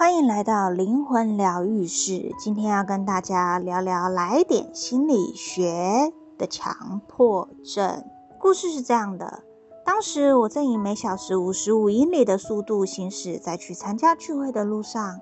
歡迎來到靈魂療癒室。今天要跟大家聊聊來點心理學的強迫症。故事是這樣的：當時我正以每小時五十五英里的速度行駛在去參加聚會的路上，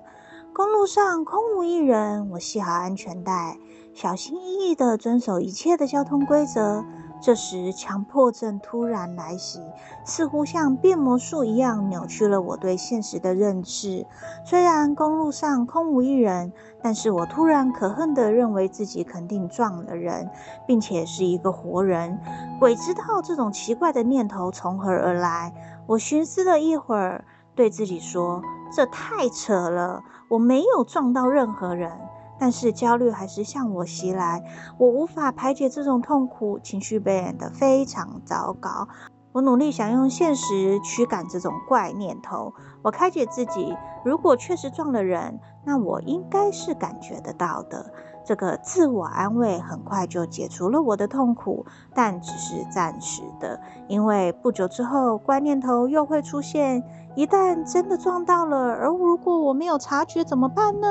公路上空無一人。我繫好安全帶，小心翼翼地遵守一切的交通規則。這時，強迫症突然來襲，似乎像變魔術一樣扭曲了我對現實的認知。雖然公路上空無一人，但是我突然可恨地認為自己肯定撞了人，並且是一個活人。鬼知道這種奇怪的念頭從何而來。我尋思了一會兒，對自己說：“這太扯了，我沒有撞到任何人。”但是焦慮還是向我襲來，我無法排解這種痛苦，情緒變得非常糟糕。我努力想用現實驅趕這種怪念頭，我開解自己：如果確實撞了人，那我應該是感覺得到的。這個自我安慰很快就解除了我的痛苦，但只是暫時的，因為不久之後，怪念頭又會出現。一旦真的撞到了，而如果我沒有察覺怎麼辦呢？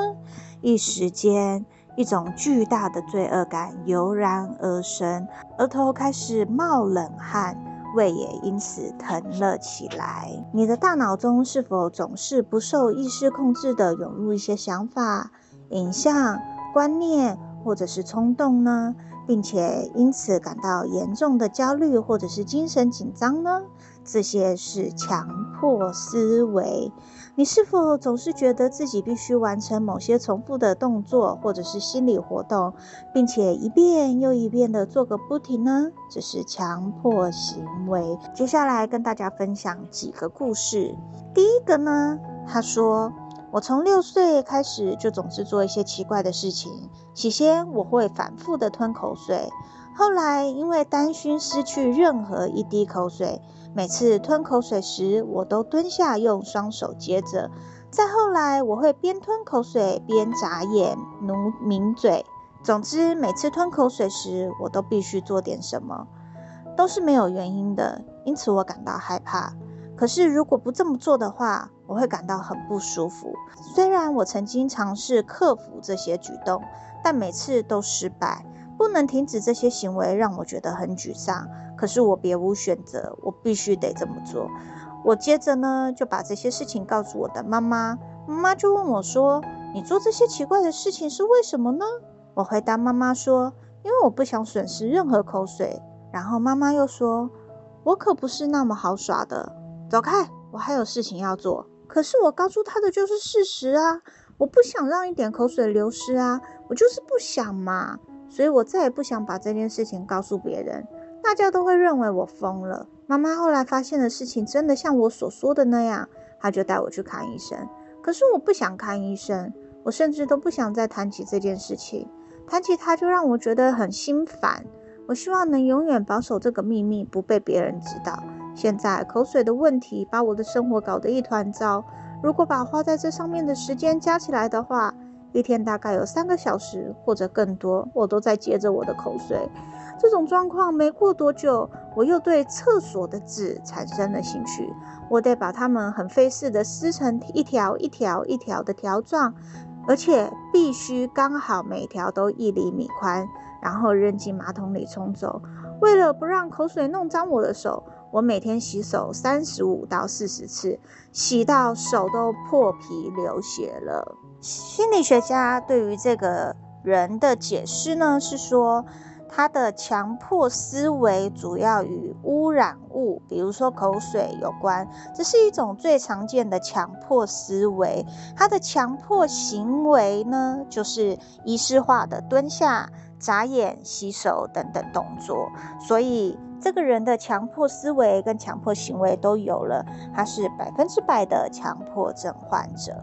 一時間，一種巨大的罪惡感油然而生，額頭開始冒冷汗，胃也因此疼了起來。你的大腦中是否總是不受意識控制地湧入一些想法、影像、觀念，或者是衝動呢？並且因此感到嚴重的焦慮，或者是精神緊張呢？這些是強迫思維。你是否總是覺得自己必須完成某些重複的動作，或者是心理活動，並且一遍又一遍的做個不停呢？這是強迫行為。接下來跟大家分享幾個故事。第一個呢，他說：“我從六歲開始就總是做一些奇怪的事情。起先我會反覆的吞口水，後來因為擔心失去任何一滴口水。”每次吞口水時，我都蹲下用雙手接着。再後來，我會邊吞口水邊眨眼、努抿嘴。總之，每次吞口水時，我都必須做點什麼，都是沒有原因的。因此，我感到害怕。可是，如果不這麼做的話，我會感到很不舒服。雖然我曾經嘗試克服這些舉動，但每次都失敗。不能停止這些行為，讓我覺得很沮喪。可是我別無選擇，我必須得這麼做。我接着呢就把這些事情告訴我的媽媽，媽媽就問我說：“你做這些奇怪的事情是為什麼呢？”我回答媽媽說：“因為我不想損失任何口水。”然後媽媽又說：“我可不是那麼好耍的，走開，我還有事情要做。”可是我告訴她的就是事實啊，我不想讓一點口水流失啊，我就是不想嘛。所以我再也不想把這件事情告訴別人，大家都會認為我瘋了。媽媽後來發現的事情真的像我所說的那樣，她就帶我去看醫生。可是我不想看醫生，我甚至都不想再談起這件事情，談起它就讓我覺得很心煩。我希望能永遠保守這個秘密，不被別人知道。現在口水的問題把我的生活搞得一團糟，如果把花在這上面的時間加起來的話。一天大概有三個小時或者更多，我都在接着我的口水。這種狀況沒過多久，我又對廁所的紙產生了興趣。我得把它們很費事的撕成一條一條一條一條的條狀，而且必須剛好每條都一厘米寬，然後扔進馬桶裡沖走。為了不讓口水弄髒我的手，我每天洗手三十五到四十次，洗到手都破皮流血了。心理學家對於這個人的解釋呢，是說他的強迫思維主要與污染物，比如說口水有關。這是一種最常見的強迫思維。他的強迫行為呢，就是儀式化的蹲下、眨眼、洗手等等動作。所以，這個人的強迫思維跟強迫行為都有了，他是百分之百的強迫症患者。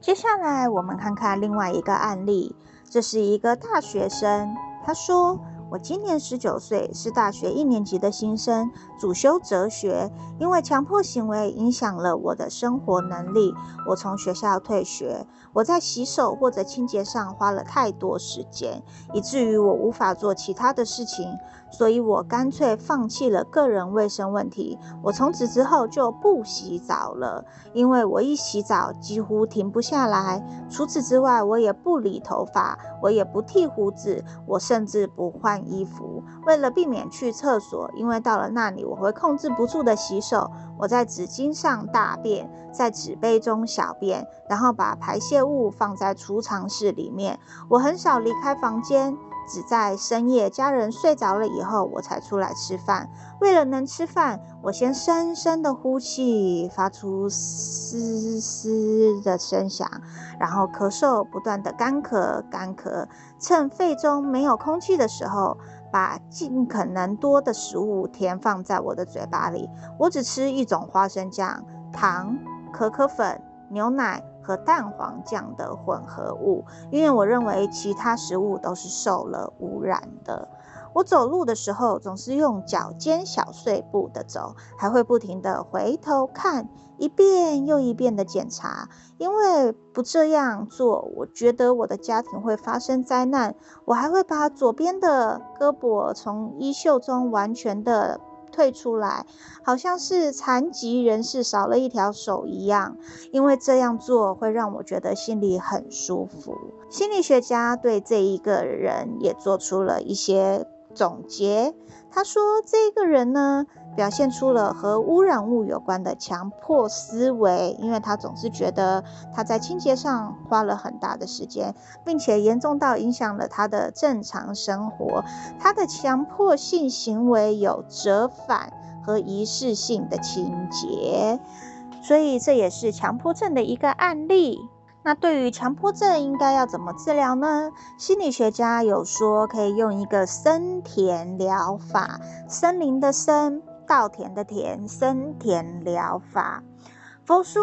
接下來，我們看看另外一個案例。這是一個大學生，他說。我今年十九歲，是大學一年級的新生，主修哲學。因為強迫行為影響了我的生活能力，我從學校退學。我在洗手或者清潔上花了太多時間，以至於我無法做其他的事情，所以我乾脆放棄了個人衛生問題。我從此之後就不洗澡了，因為我一洗澡幾乎停不下來。除此之外，我也不理頭髮，我也不剃鬍子，我甚至不換。衣服，為了避免去廁所，因為到了那裡我會控制不住的洗手。我在紙巾上大便，在紙杯中小便，然後把排泄物放在儲藏室裡面。我很少離開房間。只在深夜家人睡着了以後，我才出來吃飯。為了能吃飯，我先深深的呼氣，發出嘶嘶的聲響，然後咳嗽，不斷的乾咳乾咳。趁肺中沒有空氣的時候，把盡可能多的食物填放在我的嘴巴裡。我只吃一種花生醬、糖、可可粉、牛奶。和蛋黃醬的混合物，因為我認為其他食物都是受了污染的。我走路的時候總是用腳尖小碎步的走，還會不停的回頭看，一遍又一遍的檢查，因為不這樣做，我覺得我的家庭會發生災難。我還會把左邊的胳膊從衣袖中完全的。退出來，好像是殘疾人士少了一條手一樣，因為這樣做會讓我覺得心裡很舒服。心理學家對這一個人也做出了一些。總結，他說這個人呢，表現出了和污染物有關的強迫思維，因為他總是覺得他在清潔上花了很大的時間，並且嚴重到影響了他的正常生活。他的強迫性行為有折返和儀式性的情節，所以這也是強迫症的一個案例。那對於強迫症應該要怎麼治療呢？心理學家有說可以用一個森田療法，森林的森，稻田的田，森田療法。佛說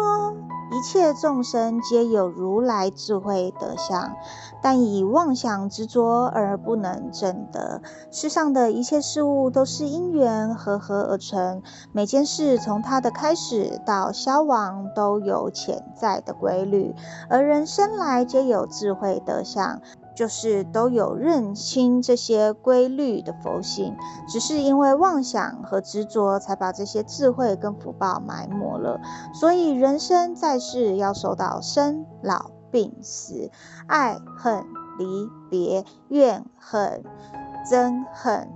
一切眾生皆有如來智慧德相，但以妄想執着而不能證得。世上的一切事物都是因緣和合而成，每件事從它的開始到消亡都有潛在的規律，而人生來皆有智慧德相。就是都有認清這些規律的佛性，只是因為妄想和執着，才把這些智慧跟福報埋沒了。所以人生在世，要受到生老病死、愛恨離別、怨恨、憎恨、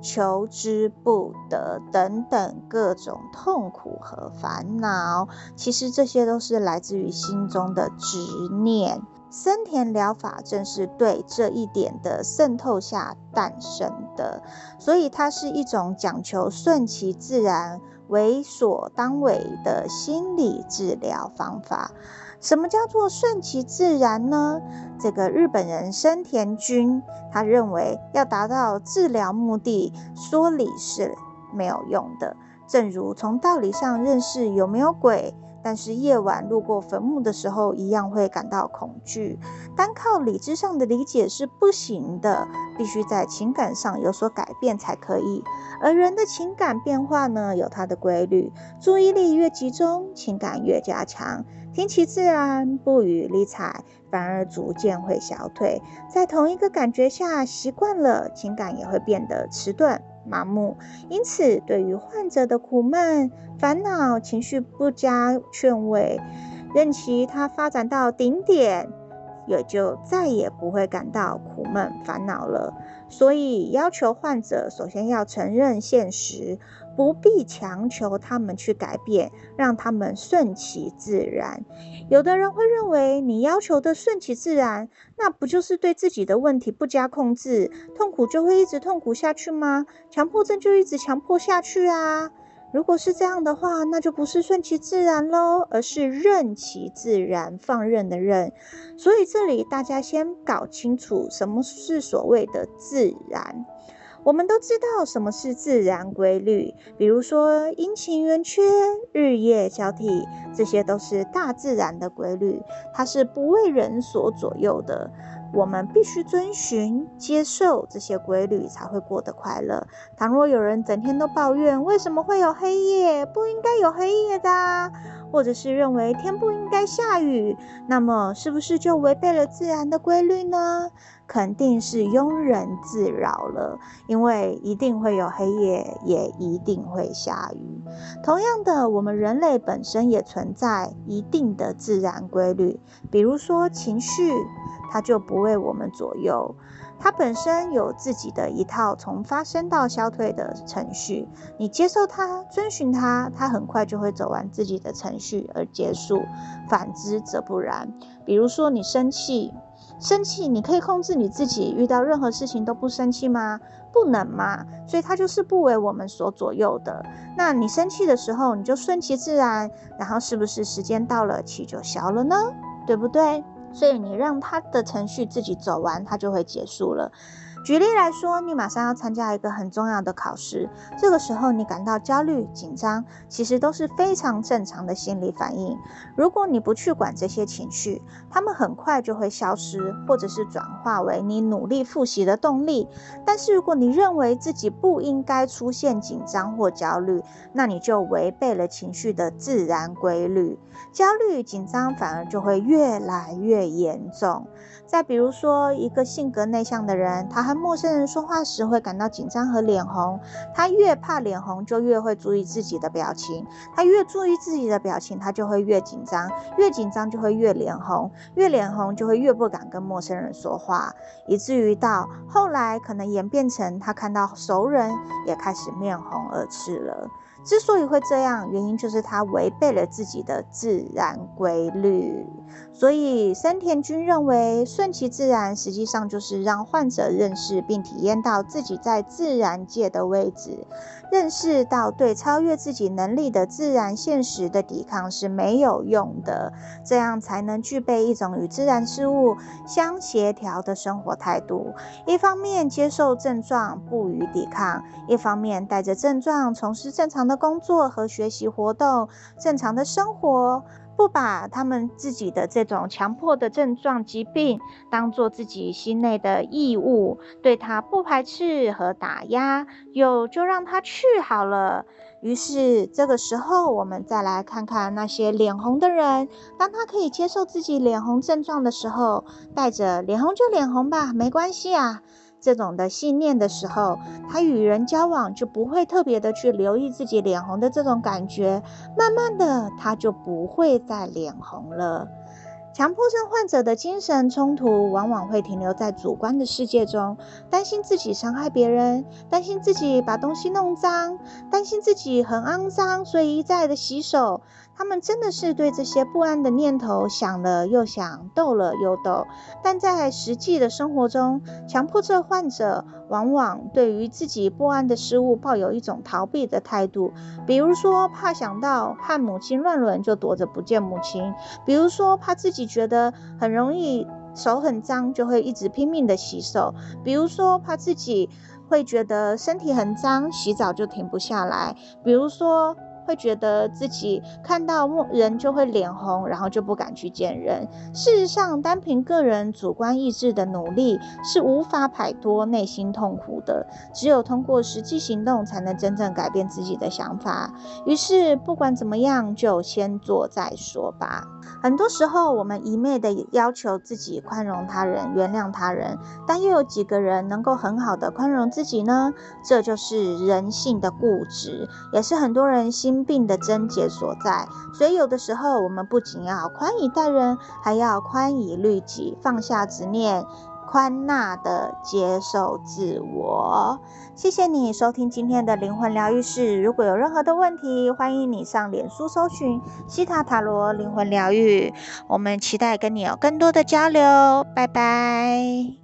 求之不得等等各種痛苦和煩惱。其實這些都是來自於心中的執念。森田療法正是對這一點的滲透下誕生的，所以它是一種講求順其自然、為所當為的心理治療方法。什麼叫做順其自然呢？這個日本人森田君，他認為，要達到治療目的，說理是沒有用的，正如從道理上認識有沒有鬼。但是夜晚路過墳墓的時候，一樣會感到恐懼。單靠理智上的理解是不行的，必須在情感上有所改變才可以。而人的情感變化呢，有它的規律：注意力越集中，情感越加強；聽其自然，不予理睬，反而逐漸會消退。在同一個感覺下習慣了，情感也會變得遲鈍。麻木，因此對於患者的苦悶、煩惱、情緒不加勸慰，任其它發展到頂點。也就再也不會感到苦悶煩惱了。所以，要求患者首先要承認現實，不必強求他們去改變，讓他們順其自然。有的人會認為，你要求的順其自然，那不就是對自己的問題不加控制，痛苦就會一直痛苦下去嗎？強迫症就一直強迫下去啊。如果是這樣的話，那就不是順其自然嘍，而是任其自然，放任的任。所以這裡大家先搞清楚什麼是所謂的自然。我們都知道什麼是自然規律，比如說陰晴圓缺、日夜交替，這些都是大自然的規律，它是不為人所左右的。我們必須遵循、接受這些規律，才會過得快樂。倘若有人整天都抱怨為什麼會有黑夜，不應該有黑夜的，或者是認為天不應該下雨，那麼是不是就違背了自然的規律呢？肯定是庸人自擾了，因為一定會有黑夜，也一定會下雨。同樣的，我們人類本身也存在一定的自然規律，比如說情緒，它就不為我們左右，它本身有自己的一套從發生到消退的程序。你接受它，遵循它，它很快就會走完自己的程序而結束，反之則不然。比如說你生氣。生氣，你可以控制你自己，遇到任何事情都不生氣嗎？不能嗎？所以它就是不為我們所左右的。那你生氣的時候，你就順其自然，然後是不是時間到了，氣就消了呢？對不對？所以你讓他的程序自己走完，他就會結束了。舉例來說，你馬上要參加一個很重要的考試，這個時候你感到焦慮、緊張，其實都是非常正常的心理反應。如果你不去管這些情緒，他們很快就會消失，或者是轉化為你努力復習的動力。但是如果你認為自己不應該出現緊張或焦慮，那你就違背了情緒的自然規律，焦慮、緊張反而就會越來越越嚴重。再比如說，一個性格內向的人，他和陌生人說話時會感到緊張和臉紅。他越怕臉紅，就越會注意自己的表情。他越注意自己的表情，他就會越緊張。越緊張就會越臉紅，越臉紅就會越不敢跟陌生人說話，以至於到後來可能演變成他看到熟人也開始面紅耳赤了。之所以會這樣，原因就是他違背了自己的自然規律。所以，森田君認為，順其自然實際上就是讓患者認識並體驗到自己在自然界的位置，認識到對超越自己能力的自然現實的抵抗是沒有用的，這樣才能具備一種與自然事物相協調的生活態度。一方面接受症狀，不予抵抗，一方面帶着症狀從事正常的。的工作和學習活動，正常的生活，不把他們自己的這種強迫的症狀疾病當做自己心內的異物，對他不排斥和打壓，有就讓他去好了。於是，這個時候我們再來看看那些臉紅的人，當他可以接受自己臉紅症狀的時候，帶着臉紅就臉紅吧，沒關係啊。這種的信念的時候，他與人交往就不會特別的去留意自己臉紅的這種感覺，慢慢的他就不會再臉紅了。強迫症患者的精神衝突往往會停留在主觀的世界中，擔心自己傷害別人，擔心自己把東西弄髒，擔心自己很骯髒，所以一再的洗手。他們真的是對這些不安的念頭想了又想，鬥了又鬥。但在實際的生活中，強迫症患者往往對於自己不安的事物抱有一種逃避的態度。比如說，怕想到和母親亂倫就躲着不見母親；比如說，怕自己覺得很容易手很髒就會一直拼命的洗手；比如說，怕自己會覺得身體很髒洗澡就停不下來；比如說，會覺得自己看到人就會臉紅，然後就不敢去見人。事實上，單憑個人主觀意志的努力是無法擺脫內心痛苦的，只有通過實際行動才能真正改變自己的想法。於是，不管怎麼樣，就先做再說吧。很多時候，我們一昧地要求自己寬容他人、原諒他人，但又有幾個人能夠很好的寬容自己呢？這就是人性的固執，也是很多人心病的症結所在。所以，有的時候我們不僅要寬以待人，還要寬以律己，放下執念。寬納的接受自我，謝謝你收聽今天的靈魂療癒室。如果有任何的問題，歡迎你上臉書搜尋希塔塔羅靈魂療癒。我們期待跟你有更多的交流。拜拜。